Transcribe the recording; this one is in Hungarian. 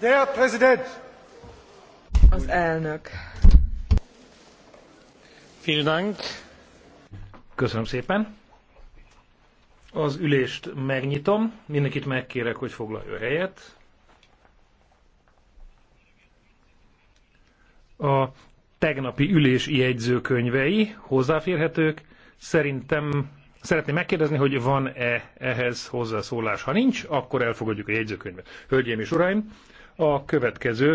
Der Präsident! Az elnök. Vielen Dank. Köszönöm szépen. Az ülést megnyitom. Mindenkit megkérek, hogy foglalja helyet. A tegnapi ülési jegyzőkönyvei hozzáférhetők. Szerintem Szeretném megkérdezni, hogy van-e ehhez hozzászólás. Ha nincs, akkor elfogadjuk a jegyzőkönyvet. Hölgyeim és uraim, a következő